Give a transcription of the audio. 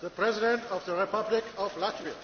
The President of the Republic of Latvia.